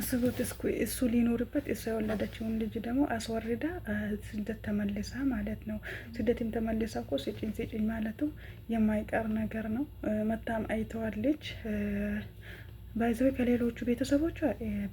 አስቡት እሱ ሊኖርበት እሷ የወለደችውን ልጅ ደግሞ አስወርዳ ስደት ተመልሳ ማለት ነው። ስደትም ተመልሳ እኮ ስጭኝ ስጭኝ ማለቱ የማይቀር ነገር ነው። መታም አይተዋለች። ባይዘው ከሌሎቹ ቤተሰቦቿ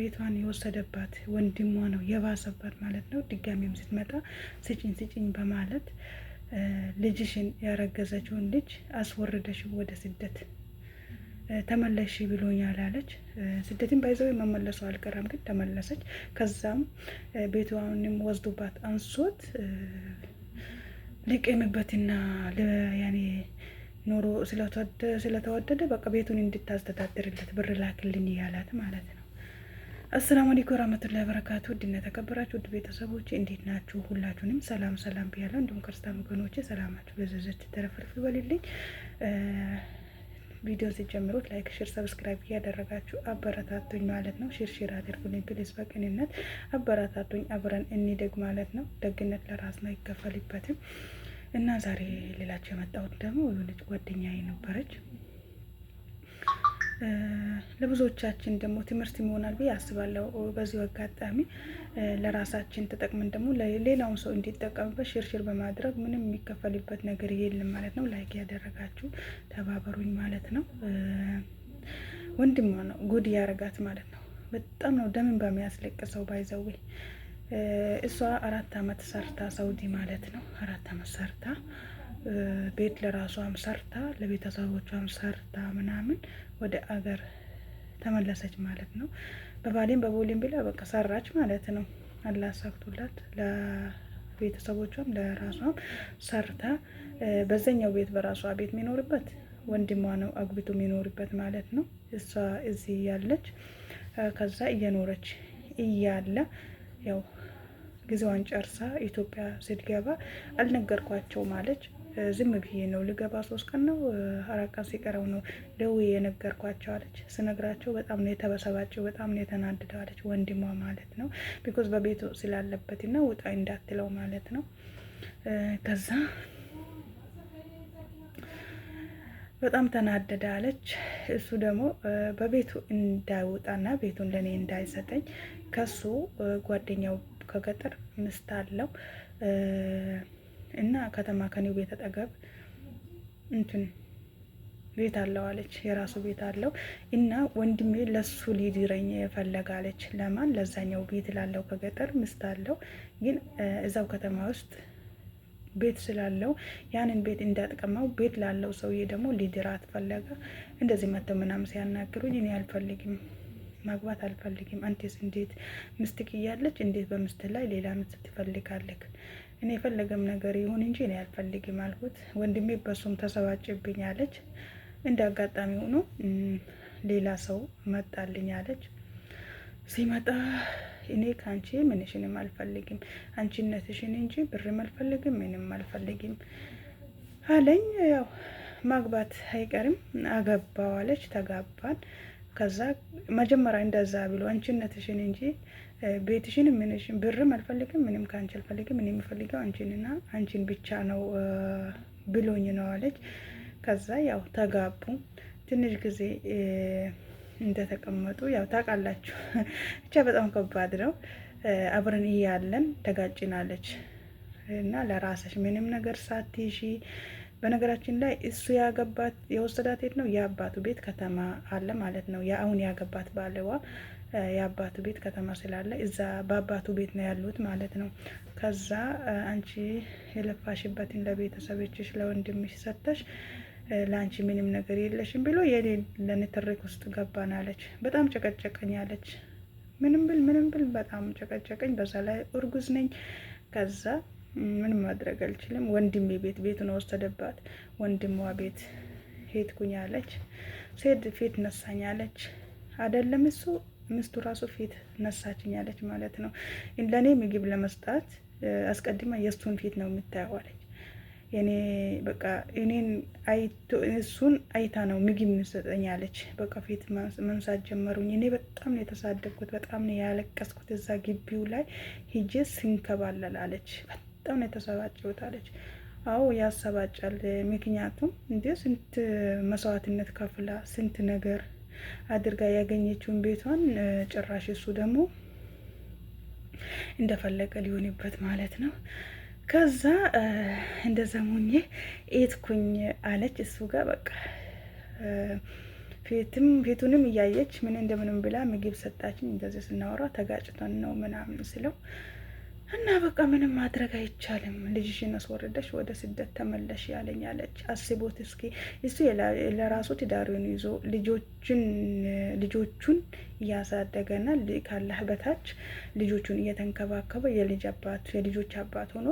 ቤቷን የወሰደባት ወንድሟ ነው የባሰባት ማለት ነው። ድጋሚም ስትመጣ ስጭኝ ስጭኝ በማለት ልጅሽን ያረገዘችውን ልጅ አስወርደሽ ወደ ስደት ተመለሽ ብሎኛል አለች። ስደትን ባይዘው መመለሱ አልቀረም ግን ተመለሰች። ከዛም ቤቷንም ወስዶባት አንሶት ልቅምበትና ያኔ ኖሮ ስለተወደደ በቃ ቤቱን እንድታስተዳድርለት ብር ላክልኝ እያላት ማለት ነው። አሰላሙ አለይኩም ወራህመቱላሂ ወበረካቱ ውድና የተከበራችሁ ውድ ቤተሰቦች እንዴት ናችሁ? ሁላችሁንም ሰላም ሰላም ብያለሁ። እንዲሁም ክርስቲያን ወገኖቼ ሰላማችሁ በዘዘች ተረፍርፍ ይበልልኝ። ቪዲዮን ሲጀምሩት ላይክ፣ ሽር፣ ሰብስክራይብ እያደረጋችሁ አበረታቱኝ ማለት ነው። ሽር አድርጉልኝ ፕሊዝ፣ በቅንነት አበረታቱኝ። አብረን እንደግ ማለት ነው። ደግነት ለራስ ነው፣ አይከፈልበትም። እና ዛሬ ሌላቸው የመጣሁት ደግሞ ልጅ ጓደኛዬ ነበረች ለብዙዎቻችን ደግሞ ትምህርት ይሆናል ብዬ አስባለሁ። በዚሁ አጋጣሚ ለራሳችን ተጠቅመን ደግሞ ሌላውን ሰው እንዲጠቀምበት ሽርሽር በማድረግ ምንም የሚከፈልበት ነገር የለም ማለት ነው። ላይክ ያደረጋችሁ ተባበሩኝ ማለት ነው። ወንድም ነው ጉድ ያረጋት ማለት ነው። በጣም ነው ደምን በሚያስለቅሰው ባይዘዌ እሷ አራት አመት ሰርታ ሳውዲ ማለት ነው አራት አመት ሰርታ ቤት ለራሷም ሰርታ ለቤተሰቦቿም ሰርታ ምናምን ወደ አገር ተመለሰች ማለት ነው። በባሌም በቦሌም ብላ በቃ ሰራች ማለት ነው። አላሳክቱላት ለቤተሰቦቿም ለራሷም ሰርታ በዛኛው ቤት በራሷ ቤት የሚኖርበት ወንድሟ ነው አግብቶ የሚኖርበት ማለት ነው። እሷ እዚህ ያለች ከዛ እየኖረች እያለ ያው ጊዜዋን ጨርሳ ኢትዮጵያ ስትገባ አልነገርኳቸው ማለች። ዝም ብዬ ነው ልገባ ሶስት ቀን ነው አራት ቀን ሲቀረው ነው ደውዬ የነገርኳቸው አለች። ስነግራቸው በጣም ነው የተበሰባቸው፣ በጣም ነው የተናደደው አለች። ወንድሟ ማለት ነው ቢኮዝ በቤቱ ስላለበት ና ውጣ እንዳትለው ማለት ነው። ከዛ በጣም ተናደደ አለች። እሱ ደግሞ በቤቱ እንዳይወጣና ቤቱን ለእኔ እንዳይሰጠኝ ከሱ ጓደኛው ከገጠር ምስት አለው እና ከተማ ከኔው ቤት አጠገብ እንትን ቤት አለው አለች። የራሱ ቤት አለው እና ወንድሜ ለሱ ሊድረኝ የፈለጋለች። ለማን ለዛኛው ቤት ላለው ከገጠር ምስት አለው፣ ግን እዛው ከተማ ውስጥ ቤት ስላለው ያንን ቤት እንዳጥቀመው ቤት ላለው ሰውዬ ደግሞ ሊድራት ፈለገ። እንደዚህ መጥተው ምናምን ሲያናግሩኝ እኔ አልፈልግም ማግባት አልፈልግም። አንቴስ እንዴት ምስትክ እያለች እንዴት በምስት ላይ ሌላ ምስት ትፈልጋለክ? እኔ የፈለገም ነገር ይሁን እንጂ እኔ አልፈልግም አልኩት። ወንድሜ በሱም ተሰባጭብኝ አለች። እንደ አጋጣሚ ሆኖ ሌላ ሰው መጣልኝ አለች። ሲመጣ እኔ ከአንቺ ምንሽንም አልፈልግም አንቺነትሽን እንጂ ብርም አልፈልግም ምንም አልፈልግም አለኝ። ያው ማግባት አይቀርም አገባዋለች። ተጋባን። ከዛ መጀመሪያ እንደዛ ብሎ አንቺነትሽን እንጂ ቤትሽን ምንሽን ብርም አልፈልግም፣ ምንም ከአንቺ አልፈልግም። እኔ የምፈልገው አንቺንና አንቺን ብቻ ነው ብሎኝ ነው አለች። ከዛ ያው ተጋቡ። ትንሽ ጊዜ እንደተቀመጡ ያው ታውቃላችሁ፣ ብቻ በጣም ከባድ ነው። አብረን እያለን ተጋጭናለች እና ለራሰሽ ምንም ነገር ሳትሺ በነገራችን ላይ እሱ ያገባት የወሰዳት የት ነው? የአባቱ ቤት ከተማ አለ ማለት ነው። አሁን ያገባት ባለዋ የአባቱ ቤት ከተማ ስላለ እዛ በአባቱ ቤት ነው ያሉት ማለት ነው። ከዛ አንቺ የለፋሽበትን ለቤተሰቦችሽ ለወንድምሽ ሰጥተሽ ለአንቺ ምንም ነገር የለሽም ብሎ የኔ ትርክ ውስጥ ገባን አለች። በጣም ጨቀጨቀኝ አለች። ምንም ብል ምንም ብል በጣም ጨቀጨቀኝ። በዛ ላይ እርጉዝ ነኝ ከዛ ምን ማድረግ አልችልም። ወንድሜ ቤት ቤቱን ወሰደባት። ወንድሟ ቤት ሄድኩኝ አለች። ሴት ፊት ነሳኝ አለች። አይደለም እሱ ምስቱ ራሱ ፊት ነሳችኝ አለች ማለት ነው። ለእኔ ምግብ ለመስጣት አስቀድማ የእሱን ፊት ነው የምታየው አለች። እኔ በቃ እኔን አይቶ እሱን አይታ ነው ምግብ የምሰጠኝ አለች። በቃ ፊት መንሳት ጀመሩኝ። እኔ በጣም ነው የተሳደብኩት፣ በጣም ነው ያለቀስኩት። እዛ ግቢው ላይ ሂጄ ስንከባለል አለች። በጣም ነው የተሰባጨሁት አለች። አዎ ያሰባጫል። ምክንያቱም እንዲ ስንት መስዋዕትነት ከፍላ ስንት ነገር አድርጋ ያገኘችውን ቤቷን ጭራሽ እሱ ደግሞ እንደፈለቀ ሊሆንበት ማለት ነው። ከዛ እንደ ዘሙኜ ኤትኩኝ አለች እሱ ጋር በቃ ፊትም ፊቱንም እያየች ምን እንደምንም ብላ ምግብ ሰጣችን። እንደዚህ ስናወራ ተጋጭተን ነው ምናምን ስለው እና በቃ ምንም ማድረግ አይቻልም፣ ልጅሽን አስወረደሽ ወደ ስደት ተመለሽ ያለኝ አለች። አስቦት እስኪ እሱ ለራሱ ትዳሪውን ይዞ ልጆችን ልጆቹን እያሳደገና ካላህ በታች ልጆቹን እየተንከባከበ የልጅ አባት የልጆች አባት ሆኖ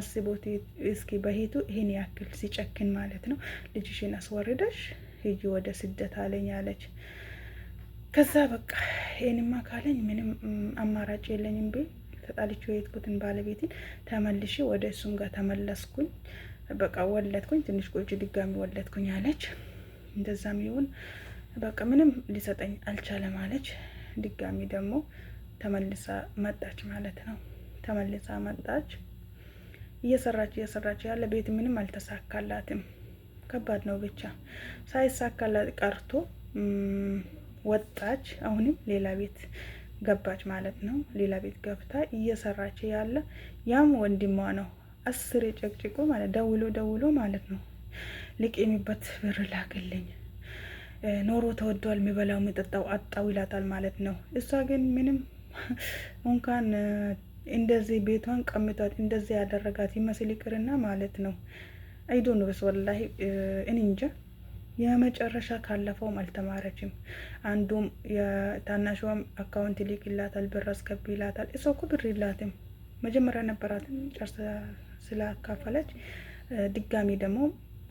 አስቦት እስኪ በሂቱ ይህን ያክል ሲጨክን ማለት ነው። ልጅሽን አስወርደሽ ሂጂ ወደ ስደት አለኝ አለች። ከዛ በቃ ይህንማ ካለኝ ምንም አማራጭ የለኝም ቤ ተጣልቼ የሄድኩትን ባለቤቴን ተመልሼ ወደ እሱም ጋር ተመለስኩኝ። በቃ ወለድኩኝ። ትንሽ ቆይቼ ድጋሚ ወለድኩኝ አለች። እንደዛም ይሁን በቃ ምንም ሊሰጠኝ አልቻለም አለች። ድጋሚ ደግሞ ተመልሳ መጣች ማለት ነው። ተመልሳ መጣች። እየሰራች እየሰራች ያለ ቤት ምንም አልተሳካላትም። ከባድ ነው ብቻ ሳይሳካላት ቀርቶ ወጣች። አሁንም ሌላ ቤት ገባች ማለት ነው። ሌላ ቤት ገብታ እየሰራች ያለ ያም ወንድሟ ነው። አስር የጨቅጭቆ ማለት ደውሎ ደውሎ ማለት ነው። ልቅ የሚበት ብር ላክልኝ ኖሮ ተወዷል፣ የሚበላው የሚጠጣው አጣው ይላታል ማለት ነው። እሷ ግን ምንም እንኳን እንደዚህ ቤቷን ቀምጧት እንደዚህ ያደረጋት ይመስል ይቅርና ማለት ነው። አይዶን በስ ወላሂ እኔ እንጃ የመጨረሻ ካለፈውም አልተማረችም። አንዱም የታናሽዋም አካውንት ሊክ ይላታል፣ ብር አስገቢ ይላታል። እሷ እኮ ብር ይላትም መጀመሪያ ነበራት ጨርሳ ስላካፈለች ድጋሚ ደግሞ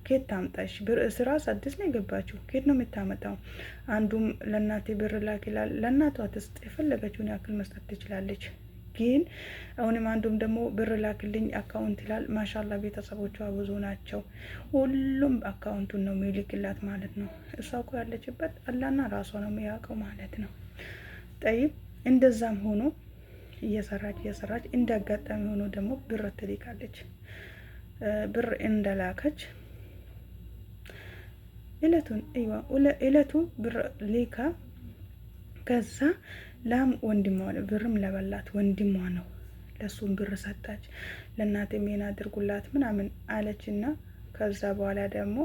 ኬት ታምጣሽ ብር ስራ አዲስ ነው የገባችው። ኬት ነው የምታመጣው? አንዱም ለእናቴ ብር ላክ ይላል። ለእናቷ ትስጥ፣ የፈለገችውን ያክል መስጠት ትችላለች። ግን አሁንም አንዱም ደግሞ ብር ላክልኝ አካውንት ይላል። ማሻላ ቤተሰቦቿ ብዙ ናቸው። ሁሉም አካውንቱን ነው የሚልክላት ማለት ነው። እሷ እኮ ያለችበት አላና ራሷ ነው የሚያውቀው ማለት ነው። ጠይብ እንደዛም ሆኖ እየሰራች እየሰራች እንደ አጋጣሚ ሆኖ ደግሞ ብር ትልካለች። ብር እንደላከች እለቱን እለቱ ብር ሊካ ከዛ ላም ወንድሟ ነው፣ ብርም ለበላት ወንድሟ ነው። ለእሱም ብር ሰጣች። ለእናት ይሄን አድርጉላት ምናምን አለች እና ከዛ በኋላ ደግሞ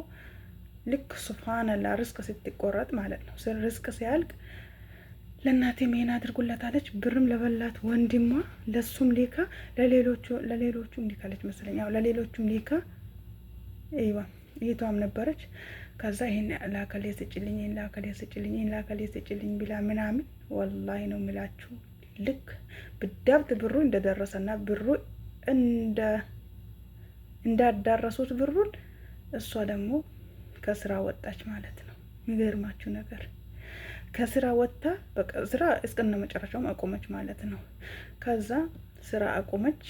ልክ ሱፋንላ ርስቅ ስትቆረጥ ማለት ነው ርስቅ ሲያልቅ ለእናቴም ይሄን አድርጉላት አለች። ብርም ለበላት ወንድሟ ለሱም ሌካ ለሌሎቹ ለሌሎቹም ሊካለች መሰለኝ። አዎ ለሌሎቹም ሌካ ይዋ ይቷም ነበረች። ከዛ ይሄን ላከሌ ስጭልኝ፣ ይሄን ላከሌ ስጭልኝ፣ ይሄን ላከሌ ስጭልኝ ቢላ ምናምን ወላሂ ነው ምላችሁ ልክ ብዳብት ብሩ እንደደረሰና ብሩ እንደ እንዳዳረሱት ብሩን እሷ ደግሞ ከስራ ወጣች ማለት ነው። የሚገርማችሁ ነገር ከስራ ወጥታ በቃ ስራ እስከነ መጨረሻውም አቆመች ማለት ነው። ከዛ ስራ አቆመች።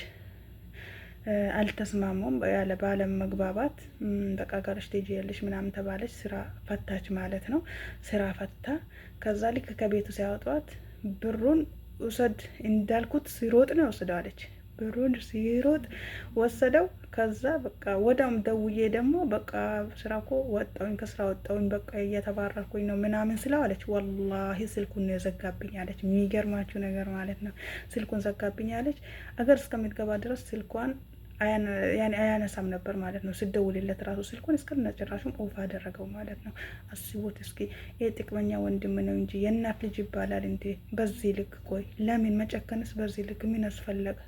አልተስማሙም። ያለ በአለም መግባባት በቃ ጋርሽ ያለሽ ምናምን ተባለች። ስራ ፈታች ማለት ነው። ስራ ፈታ። ከዛ ልክ ከቤቱ ሲያወጧት ብሩን ውሰድ እንዳልኩት ሲሮጥ ነው ወስደዋለች። ብሩን ሲሮጥ ወሰደው። ከዛ በቃ ወዳም ደውዬ ደግሞ በቃ ስራ እኮ ከስራ ወጣውኝ በቃ እየተባረርኩኝ ነው ምናምን ስለው አለች። ወላሂ ስልኩን የዘጋብኝ አለች። የሚገርማችሁ ነገር ማለት ነው ስልኩን ዘጋብኝ አለች። አገር እስከምትገባ ድረስ ስልኳን አያነሳም ነበር ማለት ነው። ስደውልለት ራሱ ስልኩን እስከነ ጭራሹም ኦፍ አደረገው ማለት ነው። አስቦት እስኪ የጥቅመኛ ወንድም ነው እንጂ የእናት ልጅ ይባላል እንዴ? በዚህ ልክ ቆይ፣ ለምን መጨከንስ? በዚህ ልክ ምን አስፈለገ?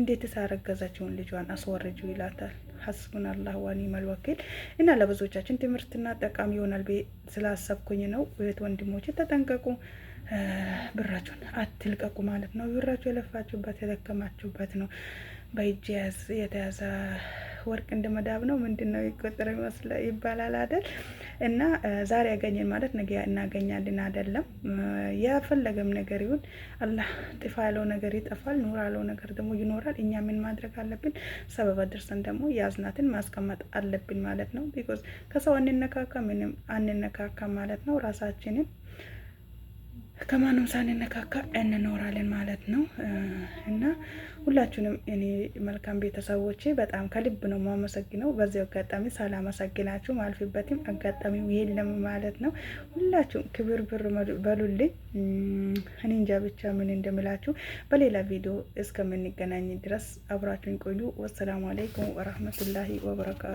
እንዴትስ አረገዘችውን ልጇን አስወርጂው ይላታል። ሀስቡን አላህ ዋኒ መልወኪል እና ለብዙዎቻችን ትምህርትና ጠቃሚ ይሆናል ስላሰብኩኝ ነው። እህት ወንድሞች ተጠንቀቁ። ብራችሁን አትልቀቁ ማለት ነው። ብራችሁ የለፋችሁበት የደከማችሁበት ነው። በእጅ የተያዘ ወርቅ እንደ መዳብ ነው ምንድን ነው ይቆጠረው ይባላል አደል? እና ዛሬ ያገኘን ማለት ነገ እናገኛልን አደለም የፈለገም ነገር ይሁን አላህ ጥፋ ያለው ነገር ይጠፋል፣ ኑር ያለው ነገር ደግሞ ይኖራል። እኛ ምን ማድረግ አለብን? ሰበብ አድርሰን ደግሞ ያዝናትን ማስቀመጥ አለብን ማለት ነው። ቢኮዝ ከሰው አንነካካ ምንም አንነካካ ማለት ነው ራሳችንን ከማንም ሳንነካካ እንኖራለን ማለት ነው እና ሁላችሁንም እኔ መልካም ቤተሰቦቼ በጣም ከልብ ነው ማመሰግነው። በዚህ አጋጣሚ ሳላመሰግናችሁ አልፊበትም አጋጣሚው የለም ማለት ነው። ሁላችሁም ክብር ብር በሉልኝ። እኔ እንጃ ብቻ ምን እንደምላችሁ። በሌላ ቪዲዮ እስከምንገናኝ ድረስ አብራችሁን ቆዩ። ወሰላሙ አለይኩም ወረህመቱላሂ ወበረካቱ